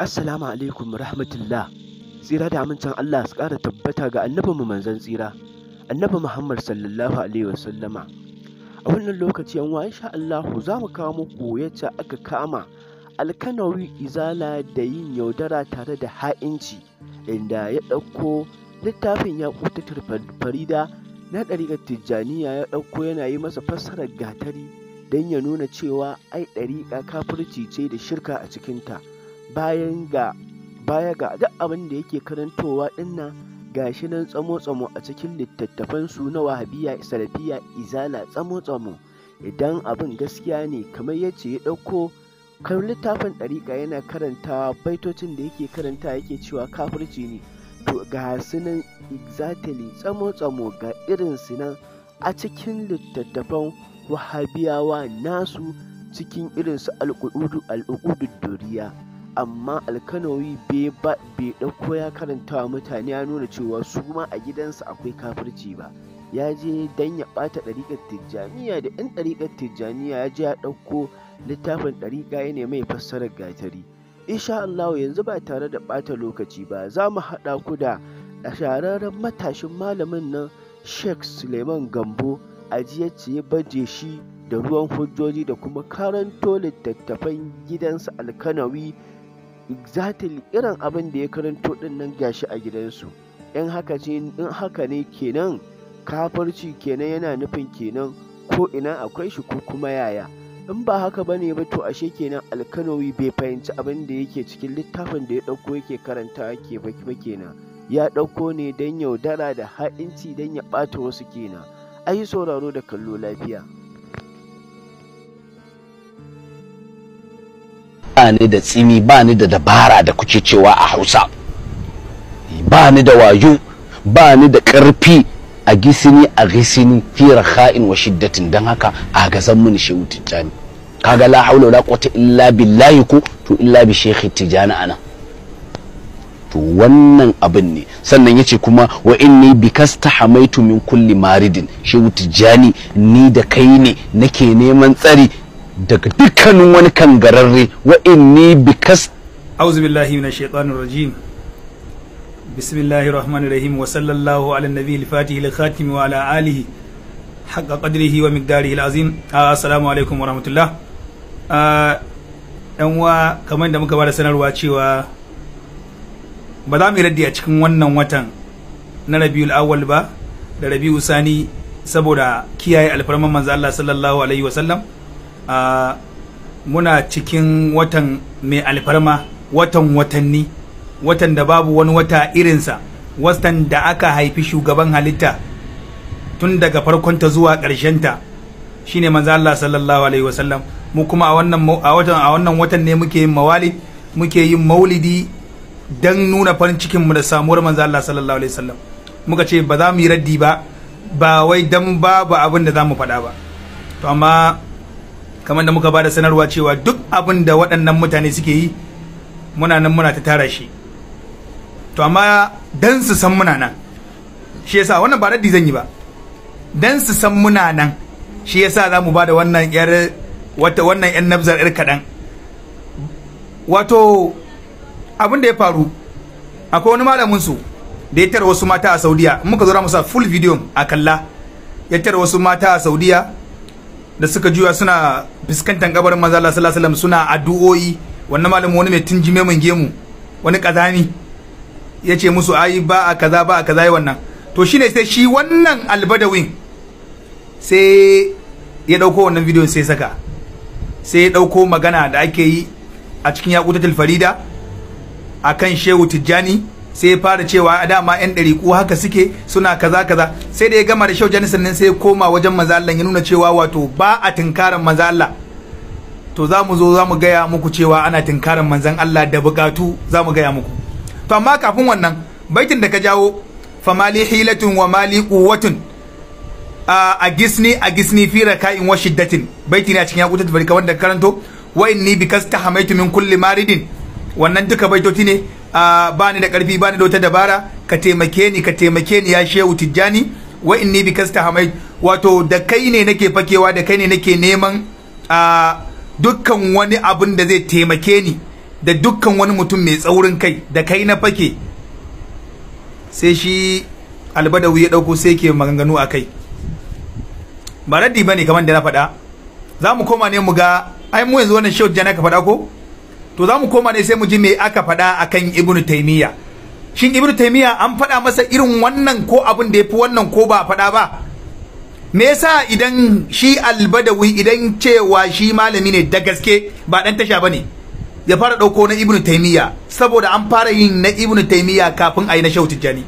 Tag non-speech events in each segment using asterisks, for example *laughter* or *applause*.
Assalamu alaikum rahmatullah. Tsira da amincin Allah su ƙara tabbata ga annabi mu manzon tsira, annabi Muhammad sallallahu alaihi wasallama. A wannan lokaci an wa insha Allah za mu kawo muku yacce aka kama alkanawi izala da yin yaudara tare da ha'inci inda ya ɗauko littafin ya kutatar farida na ɗariƙar tijjaniya ya ɗauko yana yi masa fassarar gatari don ya nuna cewa ai ɗariƙa kafirci ce da shirka a cikinta. bayan ga baya ga duk abin da yake karantowa dinnan gashi nan tsamo-tsamo a cikin su na wahabiya salafiya izala tsamo-tsamo idan abin gaskiya ne kamar yace ya ɗauko kan littafin ɗariƙa yana karanta baitocin da yake karanta yake cewa kafirci ne to ga su nan exactly tsamo-tsamo ga irin su nan a cikin littattafan wahabiyawa nasu cikin irin su al doriya amma alkanawi bai ɗauko ya karanta wa mutane ya nuna cewa su ma a gidansa akwai kafirci ba ya je dan ya ɓata ɗariƙar tijjaniya da in ɗariƙar tijjaniya ya je ya ɗauko littafin ɗariƙa ya ne mai fassarar gatari insha Allah yanzu ba tare da ɓata lokaci ba za mu haɗa ku da shahararren matashin malamin nan Sheikh Suleiman Gambo ajiyacce ya baje shi da ruwan hujjoji da kuma karanto littattafan gidansa alkanawi exactly irin abin da ya karanto din nan gashi a gidansu in haka ce in haka ne kenan kafarci kenan yana nufin kenan ko ina akwai shi ko kuma yaya in ba haka bane ba to ashe kenan alkanowi bai fahimci abin da yake cikin littafin da ya ɗauko yake karanta ke ba kenan ya ɗauko ne don yaudara da ha'inci don ya ɓata wasu kenan ayi sauraro da kallo lafiya ba da tsimi bani da dabara da kuke cewa a hausa bani da wayo bani da ƙarfi a gisini a gisini fi kha'in wa shiddatin don haka a gazan mun shehu tijani kaga la haula wala quwwata illa billahi ko to illa bi shekhi tijjani ana to wannan abin ne sannan yace kuma wa inni bikasta hamaitu min kulli maridin shehu tijani ni da kai ne nake neman tsari daga dukkanin wani kangararre wa inni bikas auzu billahi minash shaitanir rajim bismillahir rahmanir rahim wa sallallahu ala nabiyil fatihil khatim wa ala alihi haqqa qadrihi wa miqdarihi alazim ah, assalamu alaikum wa rahmatullah ah, kamar da muka bada sanarwa cewa ba za mu yi raddi a cikin wannan watan na rabiul awwal ba da rabiu sani saboda kiyaye alfarman manzo Allah sallallahu alaihi wa sallam uh, muna cikin watan mai alfarma watan watanni watan da babu wani wata irinsa watan da aka haifi shugaban halitta tun daga farkonta zuwa ƙarshenta shine manzo Allah sallallahu alaihi wasallam mu kuma a wannan watan a wannan watan ne muke yin mawalid muke yin maulidi dan nuna farin cikin mu da samuwar manzo Allah sallallahu alaihi wasallam muka ce ba za mu yi raddi ba ba wai dan babu abin da za mu faɗa ba to amma kamar da muka ba da sanarwa cewa duk abin da waɗannan mutane suke yi muna nan muna ta tara shi to amma dan su san muna nan shi yasa wannan ba raddi zan yi ba dan su san muna nan shi yasa za mu ba da wannan yar wata wannan yan nabzar yar kaɗan wato abin da ya faru akwai wani malamin su da ya tara wasu mata a saudiya muka zo musa full video a kalla ya tara wasu mata a saudiya da suka juya suna fuskantar kabarin maza Allah sallallahu alaihi wasallam suna addu'o'i wannan malamin wani mai tunjime mun gemu wani kazani ya ce musu ai ba a kaza ba a kaza yi wannan to shine sai shi wannan albadawin sai ya dauko wannan bidiyon sai saka sai ya dauko magana da ake yi a cikin yakutatul farida akan shehu tijjani sai fara cewa a dama yan ɗariƙu haka suke suna kaza kaza sai da ya gama da shaujani sannan sai koma wajen maza Allah ya nuna cewa wato ba a tinkarin maza Allah to za mu zo za mu gaya muku cewa ana tinkarin manzan Allah da bukatu za mu gaya muku to amma kafin wannan baitin da ka jawo famali hilatun wa mali quwwatun a gisni a gisni fi raka'in wa shiddatin baiti ne a cikin yakutat barka wanda karanto wa inni bikas tahamaitu min kulli maridin wannan duka baitoti ne ba ni da ƙarfi ba ni da wata dabara ka taimake ni ka taimake ni ya shehu tijjani wa ni bi kasta hamai wato da kai ne nake fakewa da kai ne nake neman dukkan wani abin da zai taimake ni da dukkan wani mutum mai tsaurin kai da kai na fake sai shi albadawu ya ɗauko sai ke maganganu a kai ba raddi ba ne kamar da na faɗa za mu koma ne mu ga ai mu yanzu wannan shehu tijjani ka faɗa ko to za mu koma ne sai mu ji me aka faɗa akan Ibn taimiyya shin ibnu taimiyya an faɗa masa irin wannan ko abin da ya fi wannan ko ba faɗa ba me yasa idan shi albadawi idan cewa shi malami ne da gaske ba ɗan tasha ba ne ya fara ɗauko na ibnu taimiyya saboda an fara yin na ibnu taimiyya kafin a yi na shau tijjani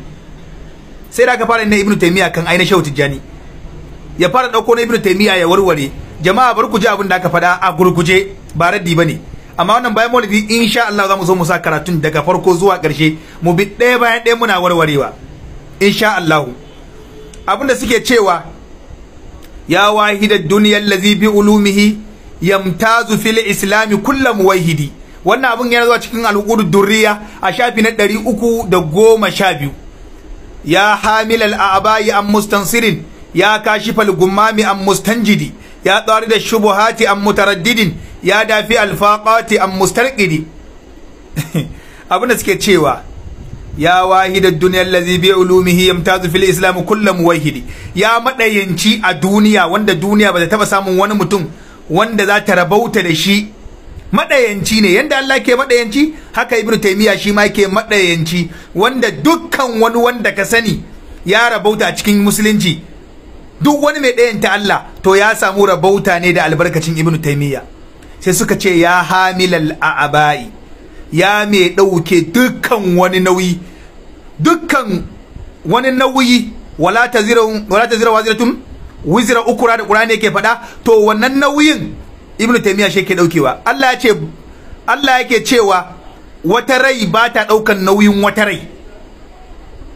sai da aka fara yin na ibnu taimiyya kan a yi na shau tijjani ya fara ɗauko na ibnu taimiyya ya warware jama'a bar ku ji abin da aka faɗa a gurguje ba raddi ba ne amma wannan bayan maulidi insha Allah za mu zo mu sa karatun daga farko zuwa ƙarshe mu bi ɗaya bayan ɗaya muna warwarewa insha Allah abinda suke cewa ya wahida duniyar lazi bi ulumihi yamtazu fil islami kulla muwahidi wannan abin yana zuwa cikin al'ukudu durriya a shafi na ɗari uku da goma sha biyu ya hamil abai an mustansirin ya kashifal gummami an mustanjidi ya tsari da shubuhati an mutaraddidin ya dafi alfaqati am mustarqidi *laughs* abin da suke cewa ya wahida duniyar lazi bi ulumihi yamtazu fil islam kullu wahidi ya madayanci a duniya wanda duniya ba ta taba samun wani mutum wanda za ta rabauta da shi madayanci ne yanda Allah ke madayanci haka ibnu taymiya shi ma ke madayanci wanda dukkan wani wanda ka sani ya rabauta a cikin musulunci duk wani mai ɗayanta Allah to ya samu rabauta ne da albarkacin ibnu taymiya sai suka ce ya hamilal a'abai ya mai ɗauke dukkan wani nauyi dukkan wani nauyi wala ta zira tun wizira ukura da ƙura ne ke faɗa to wannan nauyin ibnu taimiyya shi ke ɗaukewa Allah ya ce Allah yake cewa wata rai ba ta ɗaukan nauyin wata rai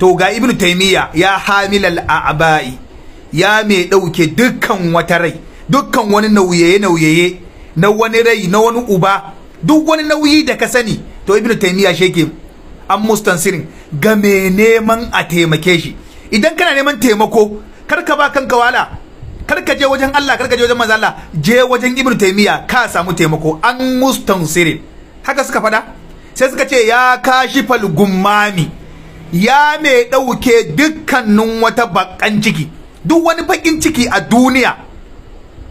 to ga ibnu taimiyya ya hamilal a'abai ya mai ɗauke dukkan wata rai dukkan wani nauyaye-nauyaye na wani rai na wani uba duk wani nauyi da ka sani to ibnu taymiya sheke an mustansirin ga me neman a taimake shi idan kana neman taimako kar ka ba kanka wala kar ka je wajen Allah kar ka je wajen manzo Allah je wajen ibn taymiya ka samu taimako an mustansirin haka suka fada sai suka ce ya kashifal gummami ya me ɗauke dukkanin wata bakan ciki duk wani bakin ciki a duniya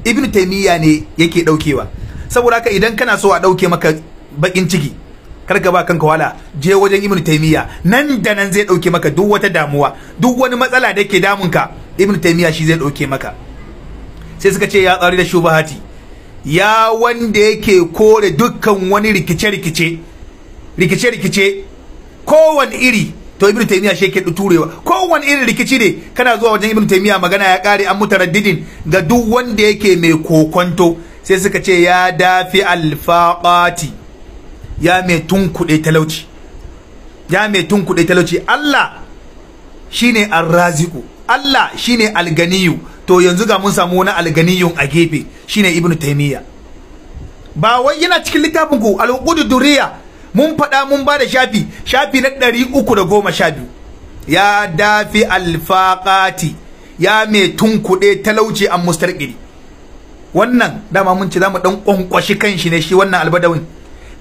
ibn taimiyya ne yake ɗaukewa saboda haka idan kana so a ɗauke maka bakin ciki kar ka ba kanka wala je wajen ibnu taymiya nan da nan zai ɗauke maka duk wata damuwa duk wani matsala da yake damun ka ibnu taymiya shi zai ɗauke maka sai suka ce ya tsari da shubahati ya wanda yake kore dukkan wani rikice-rikice rikice-rikice kowane iri to ibnu taymiya shi yake turewa kowane iri rikici ne kana zuwa wajen ibnu taymiya magana ya kare an mutaraddidin ga duk wanda yake mai kokonto sai suka ce ya dafi alfaqati ya mai tunkuɗe talauci ya mai tunkuɗe talauci Allah shine arraziku Allah shine alganiyu to yanzu ga mun samu wani alganiyun a gefe shine ibnu taymiya ba wai yana cikin littafin ku al duriya mun faɗa mun ba da shafi shafi na ɗari uku da goma sha biyu ya dafi alfaƙati ya mai tunkuɗe talauci a mustarƙiri wannan dama mun ce zamu dan kwankwashi kanshi ne shi wannan albadawin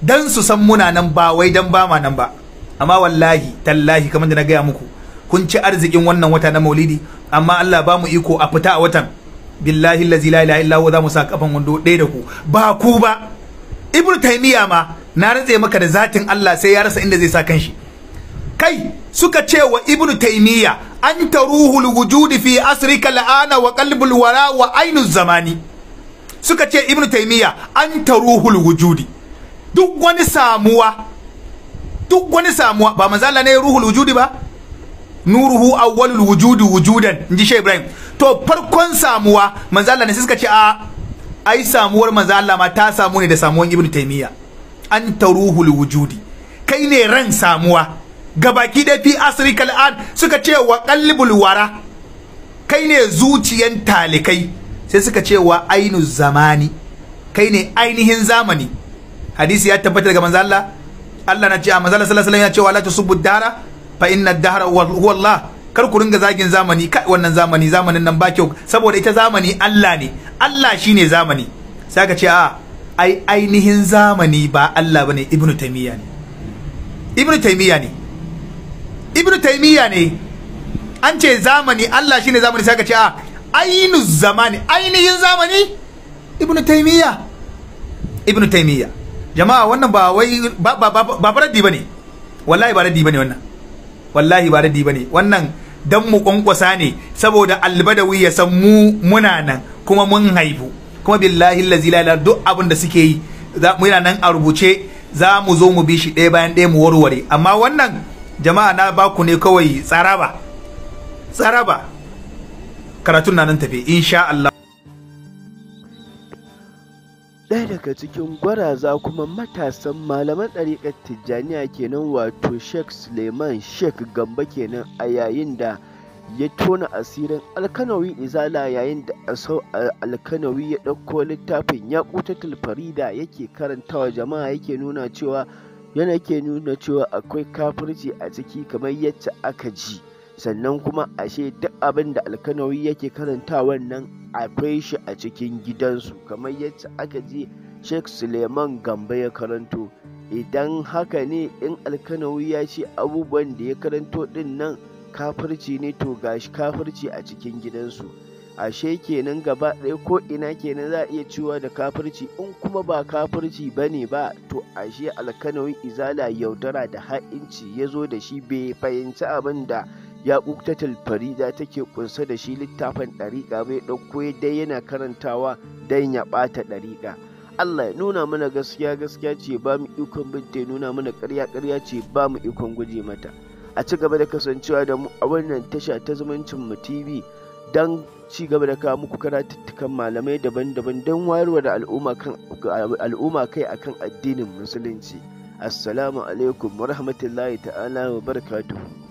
dan su san muna nan ba wai dan ba ma nan ba amma wallahi tallahi kamar da na gaya muku kun ci arzikin wannan wata na maulidi amma Allah ba mu iko a fita a watan billahi allazi la ilaha illa huwa za mu sa kafan wando ɗaya da ku ba ku ba ibnu taymiya ma na rantse maka da zatin Allah sai ya rasa inda zai sa kanshi kai suka ce wa ibnu taymiya anta ruhul wujudi fi asrika la'ana wa qalbul wara wa ainuz zamani suka ce ibnu taymiya an taruhul wujudi duk wani samuwa duk wani samuwa ba manzala ne ruhul wujudi ba nuruhu awwalul wujudi wujudan inji shi ibrahim to farkon samuwa manzala ne suka ce a ai samuwar manzala ma ta samu ne da samuwan ibnu taymiya an taruhul wujudi kai ne ran samuwa gabaki da fi asri an suka ce wa qalbul wara kai ne zuciyan talikai sai suka ce wa ainu zamani kai ne ainihin zamani hadisi ya tabbata daga manzo Allah Allah na ce a manzo Allah sallallahu alaihi wasallam ya ce wa la tusubbu dara fa inna dahra huwa Allah kar ku ringa zagin zamani kai wannan zamani zamanin nan ba kyau saboda ita zamani Allah ne Allah shine zamani sai aka ce a ai ainihin zamani ba Allah bane ibnu taymiya ne ibnu taymiya ne ibnu taymiya ne an ce zamani Allah shine zamani sai aka ce a ainu zamani ainihin zamani ibnu taimiyya ibnu taimiyya jama'a wannan ba wai ba ba ba raddi wallahi ba radi bane wannan wallahi ba radi bane wannan dan mu kwankwasa ne saboda albadawi ya san mu muna nan kuma mun haifu kuma billahi allazi la ilaha duk abin da suke yi mu yana nan a rubuce za mu zo mu bi shi ɗaya bayan ɗaya mu warware amma wannan jama'a na baku ne kawai tsaraba tsaraba karatun na nan tafi insha Allah ɗaya daga cikin gwaraza kuma matasan malaman ɗariƙar tijjaniya kenan wato sheikh suleiman sheikh gamba kenan a yayin da ya tona asirin alkanawi izala yayin da asau alkanawi ya ɗauko littafin ya farida yake karantawa jama'a yake nuna cewa yana ke nuna cewa akwai kafirci a ciki kamar yadda aka ji. sannan kuma ashe duk abin da alkanawi yake karanta wannan akwai shi a cikin gidansu kamar yadda aka ji sheikh suleiman gambo ya karanto idan haka ne in alkanawi ya ce abubuwan da ya karanto din nan kafirci ne to gashi kafirci a cikin gidansu ashe kenan gaba ɗaya ko ina kenan za a iya cewa da kafirci in kuma ba kafirci bane ba to ashe alkanawi izala yaudara da ha'inci ya zo da shi bai fahimci abin da ya buktatul farida take kunsa da shi littafin ɗariƙa bai ɗauko dai yana karantawa dan ya ɓata ɗariƙa Allah ya nuna mana gaskiya gaskiya ce ba mu ikon binta ya nuna mana ƙarya ƙarya ce ba mu ikon guje mata a ci gaba da kasancewa da mu a wannan tasha ta zumuncin mu TV don ci gaba da kawo muku karatuttukan malamai daban-daban don wayarwa da al'umma kai akan addinin musulunci assalamu alaikum wa rahmatullahi ta'ala wa